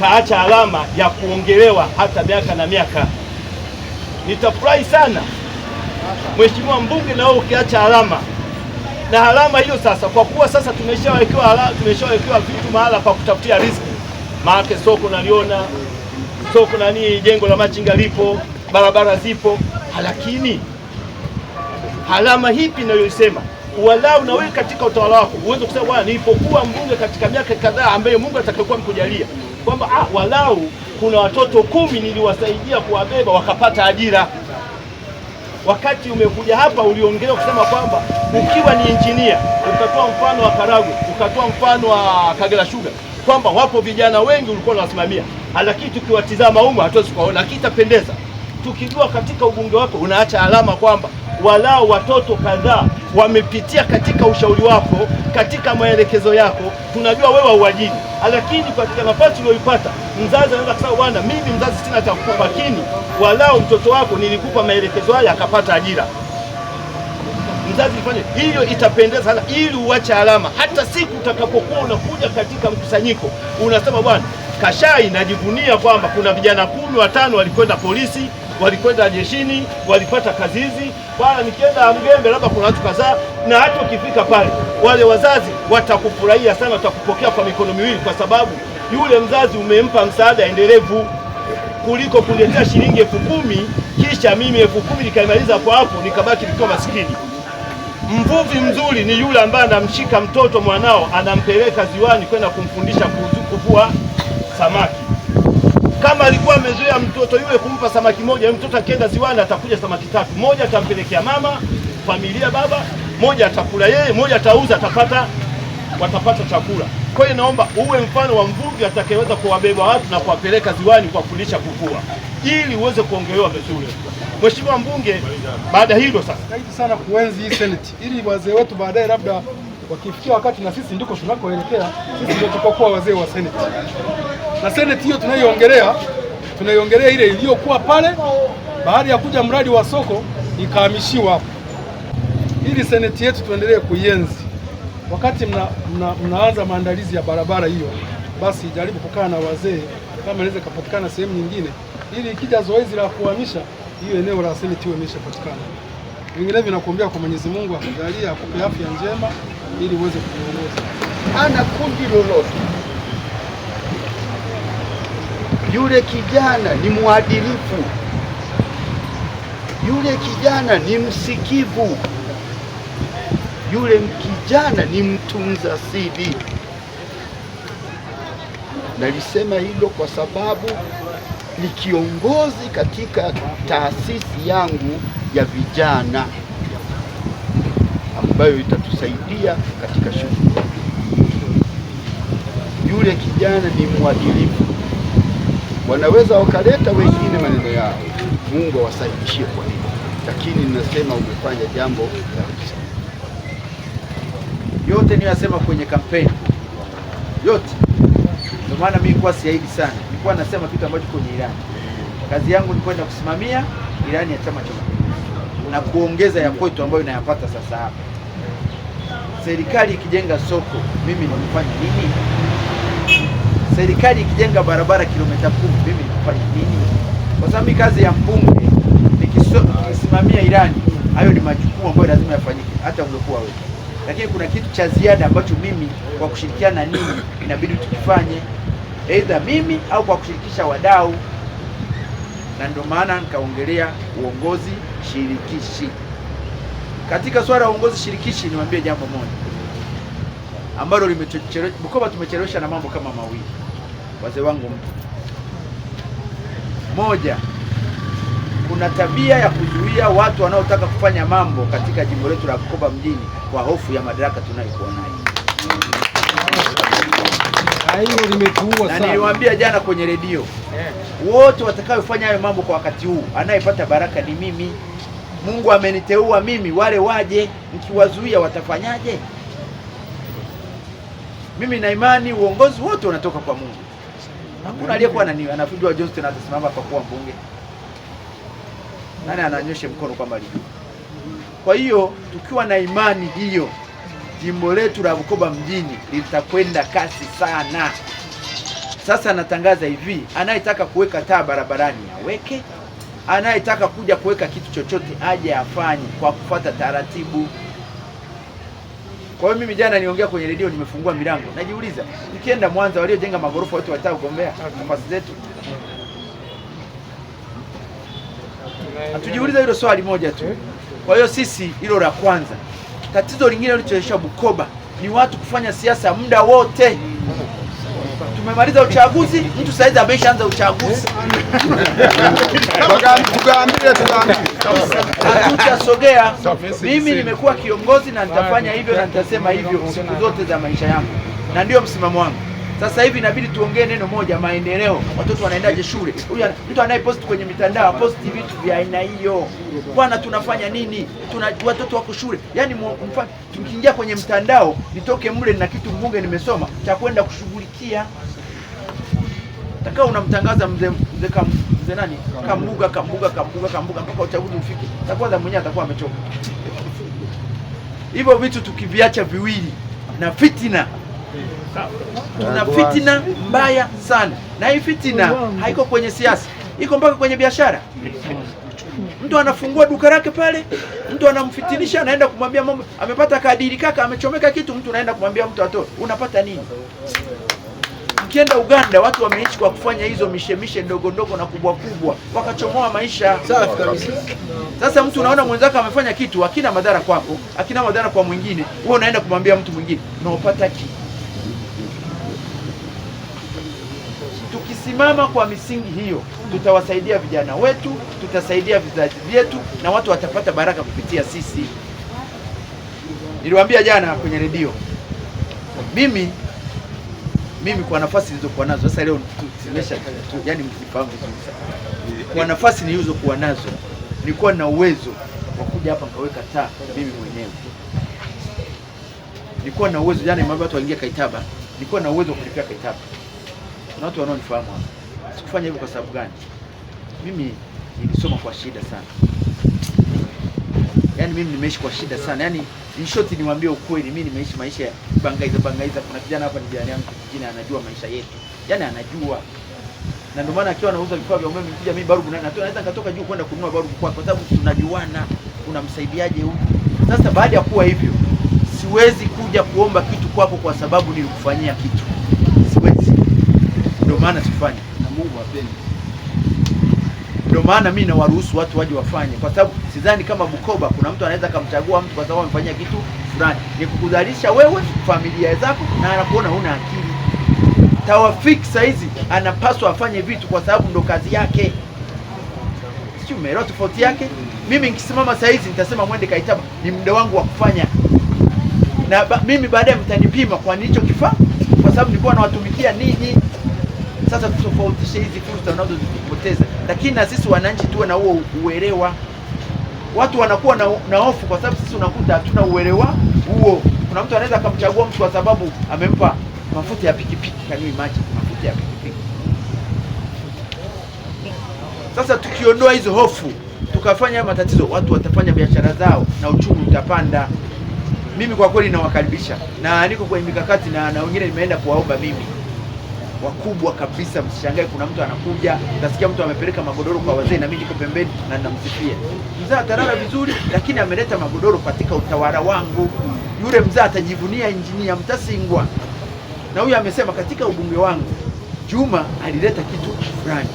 kaacha alama ya kuongelewa hata miaka na miaka. Nitafurahi sana Mheshimiwa mbunge, na wewe ukiacha alama na alama hiyo sasa, kwa kuwa sasa tumeshawekewa tumeshawekewa vitu mahala pa kutafutia riziki, maana soko naliona soko na nini, jengo la machinga lipo, barabara zipo, lakini alama hipi inayoisema walau na wewe katika utawala wako uweze kusema bwana, nilipokuwa mbunge katika miaka kadhaa ambayo Mungu atakayokuwa mkujalia kwamba ah, walau kuna watoto kumi niliwasaidia kuwabeba wakapata ajira. Wakati umekuja hapa uliongelea kusema kwamba ukiwa ni injinia, ukatoa mfano wa Karagwe, ukatoa mfano wa Kagera Sugar kwamba wapo vijana wengi ulikuwa unawasimamia, lakini tukiwatizama humu hatuwezi kuwaona, lakini itapendeza tukijua katika ubunge wako unaacha alama kwamba walao watoto kadhaa wamepitia katika ushauri wako, katika maelekezo yako, tunajua wewe hauwajini lakini katika nafasi uliyoipata mzazi anaweza kusema bwana, mimi mzazi sina cha kukupa, lakini walau mtoto wako nilikupa maelekezo haya akapata ajira. Mzazi ifanye hiyo, itapendeza sana, ili uache alama. Hata siku utakapokuwa unakuja katika mkusanyiko, unasema bwana, Kashai najivunia kwamba kuna vijana kumi watano walikwenda polisi walikwenda jeshini, walipata kazi hizi bwana. Nikienda Mgembe labda kuna watu kadhaa, na hata ukifika pale wale wazazi watakufurahia sana, watakupokea kwa mikono miwili, kwa sababu yule mzazi umempa msaada endelevu kuliko kuletea shilingi elfu kumi kisha mimi elfu kumi nikaimaliza kwa hapo nikabaki nikiwa masikini. Mvuvi mzuri ni yule ambaye anamshika mtoto mwanao, anampeleka ziwani kwenda kumfundisha kuvua samaki. Kama alikuwa amezoea mtoto yule kumpa samaki moja, mtoto akienda ziwani atakuja samaki tatu, moja atampelekea mama familia, baba moja atakula yeye, moja atauza, atapata watapata chakula. Kwa hiyo naomba uwe mfano wa mvuvi atakayeweza kuwabeba watu na kuwapeleka ziwani, kuwafundisha kuvua ili uweze kuongelewa vizuri. Mheshimiwa Mbunge, baada hilo sasa, jitahidi sana kuenzi hii seneti ili wazee wetu baadaye labda wakifikia wakati na sisi ndiko tunakoelekea, sisi ndio tutakuwa wazee wa seneti na seneti hiyo tunayoongelea, tunaiongelea ile iliyokuwa pale baada ya kuja mradi wa soko ikahamishiwa hapo, ili seneti yetu tuendelee kuienzi. Wakati mna, mna, mnaanza maandalizi ya barabara hiyo, basi jaribu kukaa na wazee, kama inaweza ikapatikana sehemu nyingine, ili ikija zoezi la kuhamisha hiyo eneo la seneti hiyo imeshapatikana. Vinginevyo nakuombea kwa Mwenyezi Mungu akujalie, akupe afya njema, ili uweze kuongoza Ana kundi lolote yule kijana ni mwadilifu, yule kijana ni msikivu, yule kijana ni mtunza siri. Nalisema hilo kwa sababu ni kiongozi katika taasisi yangu ya vijana ambayo itatusaidia katika shughuli. Yule kijana ni mwadilifu wanaweza wakaleta wengine maneno yao, Mungu awasaidishie kwa hilo, lakini ninasema umefanya jambo la msingi. Yote niyasema kwenye kampeni yote, ndio maana mimi kwa siahidi sana, nilikuwa nasema kitu ambacho kwenye ilani, kazi yangu ni kwenda kusimamia ilani ya Chama cha Mapinduzi na kuongeza ya kwetu ambayo inayapata sasa hapa. Serikali ikijenga soko, mimi nimefanya nini? serikali ikijenga barabara kilomita kumi, mimi nafanya nini? Kwa sababu kazi ya mbunge nikisimamia ilani, hayo ni majukumu ambayo lazima yafanyike, hata ungekuwa wewe. Lakini kuna kitu cha ziada ambacho mimi kwa kushirikiana na ninyi inabidi tukifanye, aidha mimi au kwa kushirikisha wadau, na ndio maana nikaongelea uongozi shirikishi. Katika swala ya uongozi shirikishi, niwaambie jambo moja ambalo limetuchelewesha Bukoba, tumechelewesha na mambo kama mawili, wazee wangu. Moja, kuna tabia ya kuzuia watu wanaotaka kufanya mambo katika jimbo letu la Bukoba mjini kwa hofu ya madaraka tunayokuwa nayo, na niliwaambia jana kwenye redio, wote watakayofanya hayo mambo kwa wakati huu, anayepata baraka ni mimi. Mungu ameniteua mimi, wale waje, nikiwazuia watafanyaje? Mimi na imani uongozi wote unatoka kwa Mungu. Hakuna aliyekuwa nani anafujua Johnston atasimama kwa kuwa mbunge. Nani ananyoshe mkono kwamba alijua? Kwa hiyo tukiwa na imani hiyo, jimbo letu la Bukoba mjini litakwenda kasi sana. Sasa natangaza hivi, anayetaka kuweka taa barabarani aweke, anayetaka kuja kuweka kitu chochote aje afanye kwa kufuata taratibu. Kwa hiyo mimi jana niongea kwenye redio, nimefungua milango, najiuliza nikienda Mwanza, waliojenga magorofa wote wataka kugombea nafasi zetu? Hatujiuliza hilo swali moja tu. Kwa hiyo sisi, hilo la kwanza. Tatizo lingine lilichoesha Bukoba ni watu kufanya siasa muda wote tumemaliza uchaguzi, mtu saizi ameshaanza uchaguzi. Hatutasogea. Mimi nimekuwa kiongozi na nitafanya hivyo na nitasema hivyo siku zote za maisha yangu, na ndio msimamo wangu. Sasa hivi inabidi tuongee neno moja, maendeleo. Watoto wanaendaje shule? Huyu mtu anayepost kwenye mitandao post vitu vya aina hiyo, bwana, tunafanya nini? Tuna watoto wako shule, yaani mfano tukiingia kwenye mtandao nitoke mle na kitu mbunge nimesoma cha kwenda kushughulikia Takiwa unamtangaza mzee mzee kam, mzee nani Kambuga Kambuga Kambuga Kambuga mpaka uchaguzi ufike, za mwenyewe atakuwa amechoka. Hivyo vitu tukiviacha viwili na fitina tuna fitina mbaya sana, na hii fitina haiko kwenye siasa, iko mpaka kwenye biashara. Mtu anafungua duka lake pale, mtu anamfitinisha, anaenda kumwambia mama amepata kadiri kaka, amechomeka kitu, mtu anaenda kumwambia mtu atoe, unapata nini? Ukienda Uganda watu wameishi kwa kufanya hizo mishemishe ndogo ndogo na kubwa kubwa, wakachomoa maisha. Sasa mtu unaona mwenzako amefanya kitu, akina madhara kwako, akina madhara kwa mwingine, wewe unaenda kumwambia mtu mwingine, unaopata ki? Tukisimama kwa misingi hiyo, tutawasaidia vijana wetu, tutasaidia vizazi vyetu, na watu watapata baraka kupitia sisi. Niliwaambia jana kwenye redio mimi mimi kwa nafasi nilizokuwa nazo sasa leo nimesha yani, mkifahamu vizuri, kwa nafasi nilizokuwa nazo nilikuwa na uwezo wa kuja hapa nikaweka taa mimi mwenyewe, nilikuwa na uwezo yani, mambo watu waingia Kaitaba, nilikuwa na uwezo wa kulipia Kaitaba na watu wanaonifahamu hapa. Sikufanya hivyo kwa sababu gani? Mimi nilisoma kwa shida sana yani mimi nimeishi kwa shida sana, yani in short, niwaambie ukweli, mimi nimeishi maisha ya bangaiza bangaiza. Kuna kijana hapa ni jirani yangu kijijini, anajua maisha yetu, yani anajua, na ndio maana akiwa anauza vifaa vya umeme, nikija mimi barubu na tunaweza nikatoka juu kwenda kununua barubu kwake, kwa sababu tunajuana, unamsaidiaje huyu. Sasa baada ya kuwa hivyo, siwezi kuja kuomba kitu kwako kwa sababu nilikufanyia kitu, siwezi. Ndio maana sifanye na Mungu apendi ndio maana mimi nawaruhusu watu waje wafanye, kwa sababu sidhani kama Bukoba kuna mtu anaweza akamchagua mtu kwa sababu amefanyia kitu fulani. Ni kukudhalisha wewe, familia zako, na anakuona una akili. Tawafik saizi anapaswa afanye vitu kwa sababu ndo kazi yake, sio umeelewa tofauti yake. Mimi nikisimama saizi nitasema mwende Kaitaba, ni muda wangu wa kufanya, na ba, mimi baadaye mtanipima kwa nilichokifaa, kwa sababu nilikuwa nawatumikia ninyi sasa tutofautishe hizi fursa unazozipoteza, lakini na sisi wananchi tuwe na huo uelewa. Watu wanakuwa na na hofu kwa sababu sisi unakuta hatuna uelewa huo. Kuna mtu anaweza akamchagua mtu kwa sababu amempa mafuta ya pikipiki. Can you mafuta ya pikipiki? Sasa tukiondoa hizo hofu tukafanya matatizo, watu watafanya biashara zao na uchumi utapanda. Mimi kwa kweli nawakaribisha na niko kwenye mikakati na, na wengine nimeenda kuwaomba mimi wakubwa kabisa, msishangae kuna mtu anakuja, nasikia mtu amepeleka magodoro kwa wazee na mimi niko pembeni na namsifia mzee atalala vizuri, lakini ameleta magodoro katika utawala wangu. Yule mzee atajivunia injinia Mtasingwa, na huyu amesema katika ubunge wangu Juma alileta kitu fulani.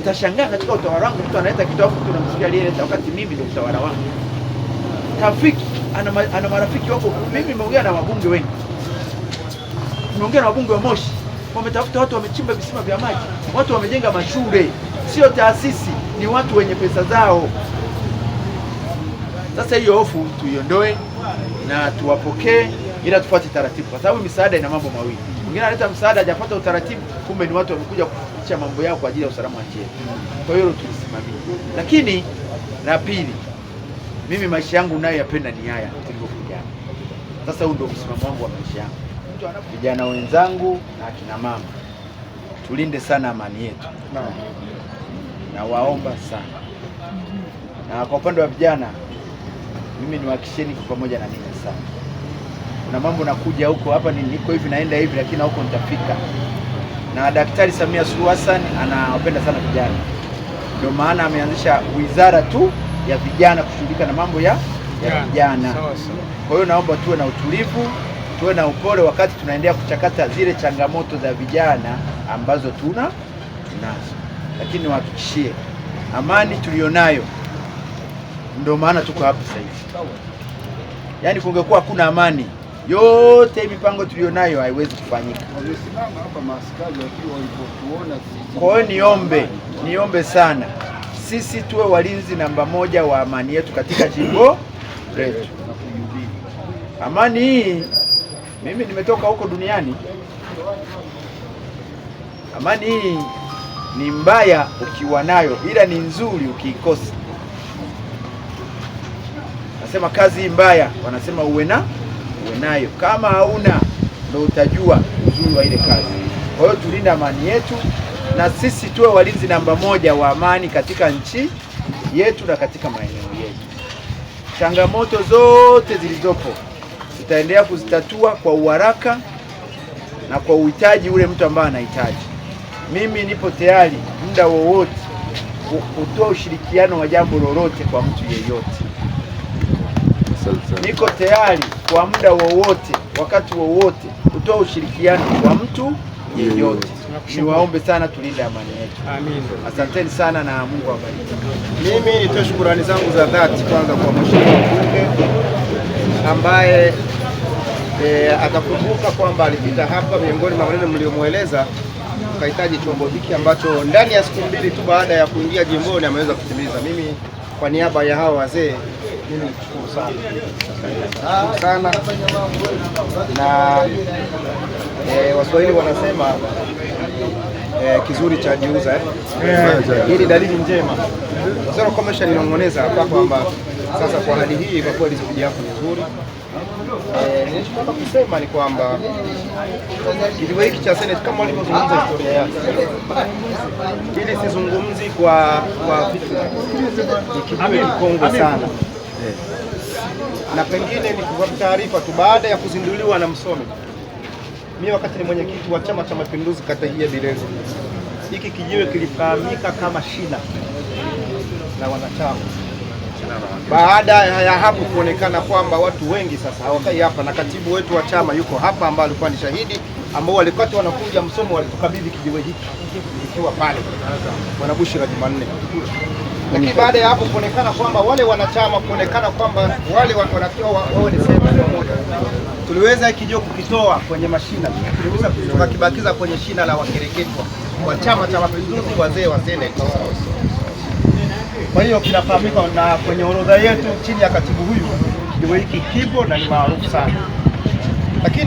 Mtashangaa katika utawala wangu mtu analeta kitu alafu tunamsikia aliyeleta, wakati mimi ndio utawala wangu. Tafiki ana, ana marafiki wako. Mimi nimeongea na wabunge wengi, nimeongea na wabunge wa Moshi wametafuta watu, wamechimba visima vya maji, watu wamejenga mashule, sio taasisi, ni watu wenye pesa zao. Sasa hiyo hofu tuiondoe na tuwapokee, ila tufuate taratibu, kwa sababu misaada ina mambo mawili. Mwingine analeta msaada hajapata utaratibu, kumbe ni watu wamekuja kufikisha mambo yao kwa ajili ya usalama wa nchi yetu. Kwa hiyo tulisimamia, lakini la pili, mimi maisha yangu nayo yapenda ni haya tulivyopigana. Sasa huu ndio msimamo wangu wa maisha yangu vijana wenzangu na akina mama, tulinde sana amani yetu, nawaomba sana. Na kwa upande wa vijana, mimi niwahakisheni kwa pamoja na ninyi sana. Kuna mambo nakuja huko hapa, ni niko hivi naenda hivi, lakini na huko nitafika. Na Daktari Samia Suluhu Hassan anawapenda sana vijana, ndio maana ameanzisha wizara tu ya vijana kushughulika na mambo ya ya vijana. Kwa hiyo naomba tuwe na utulivu tuwe na upole wakati tunaendelea kuchakata zile changamoto za vijana ambazo tuna nazo, lakini niwahakikishie amani tuliyonayo ndio maana tuko hapa sasa hivi. Yaani kungekuwa hakuna amani, yote mipango tuliyonayo haiwezi kufanyika. Kwa hiyo niombe, niombe sana sisi tuwe walinzi namba moja wa amani yetu katika jimbo letu. Amani hii mimi nimetoka huko duniani. Amani hii ni mbaya ukiwa nayo, ila ni nzuri ukiikosa. Nasema kazi hii mbaya, wanasema uwe na uwe nayo, kama hauna ndo utajua uzuri wa ile kazi. Kwa hiyo tulinde amani yetu, na sisi tuwe walinzi namba moja wa amani katika nchi yetu na katika maeneo yetu. Changamoto zote zilizopo tutaendelea kuzitatua kwa uharaka na kwa uhitaji ule mtu ambaye anahitaji. Mimi nipo tayari muda wowote kutoa ushirikiano wa jambo lolote kwa mtu yeyote. Niko tayari kwa muda wowote, wakati wowote kutoa ushirikiano kwa mtu yeyote. Niwaombe sana tulinde amani yetu. Amin. Asanteni sana na Mungu awabariki. Mimi nitoe shukurani zangu za dhati kwanza kwa mheshimiwa mbunge ambaye e, akakumbuka kwamba alipita hapa, miongoni mwa maneno mliomweleza ukahitaji chombo hiki ambacho ndani ya siku mbili tu baada ya kuingia jimboni ameweza kutimiza. Mimi kwa niaba ya hawa wazee mimi nikushukuru sana sana na e, Waswahili wanasema e, kizuri cha jiuza eh? yeah. ni dalili njema sasa komesha ninong'oneza hapa kwamba sasa kwa hali hii kwa kweli siku yako nzuri Eh, Nilichotaka kusema ni kwamba kilio hiki cha Senate kama walivyozungumza historia yake, ili sizungumzi kwa kwa vitu kilio sana na pengine ni kwa taarifa tu baada ya kuzinduliwa na msomi. Mimi wakati ni mwenyekiti wa Chama cha Mapinduzi kata hii ya Birezi, hiki kijiwe kilifahamika kama shina na wanachama baada ya hapo kuonekana kwamba watu wengi sasa hawakai hapa, na katibu wetu wa chama yuko hapa, ambaye alikuwa ni shahidi, ambao walikati wanakuja msomo walitukabidhi kijiwe hiki ikiwa pale Bwana Bushira Jumanne. Lakini baada ya hapo kuonekana kwamba wale wanachama kuonekana kwamba wale wanatoa wao ni sehemu moja, tuliweza kijiwe kukitoa kwenye mashina, tuliweza tukakibakiza kwenye shina la wakereketwa wa Chama cha Mapinduzi, wazee wa Senate kwa hiyo kinafahamika na kwenye orodha yetu chini ya katibu huyu, kiwe hiki kipo na ni maarufu sana lakini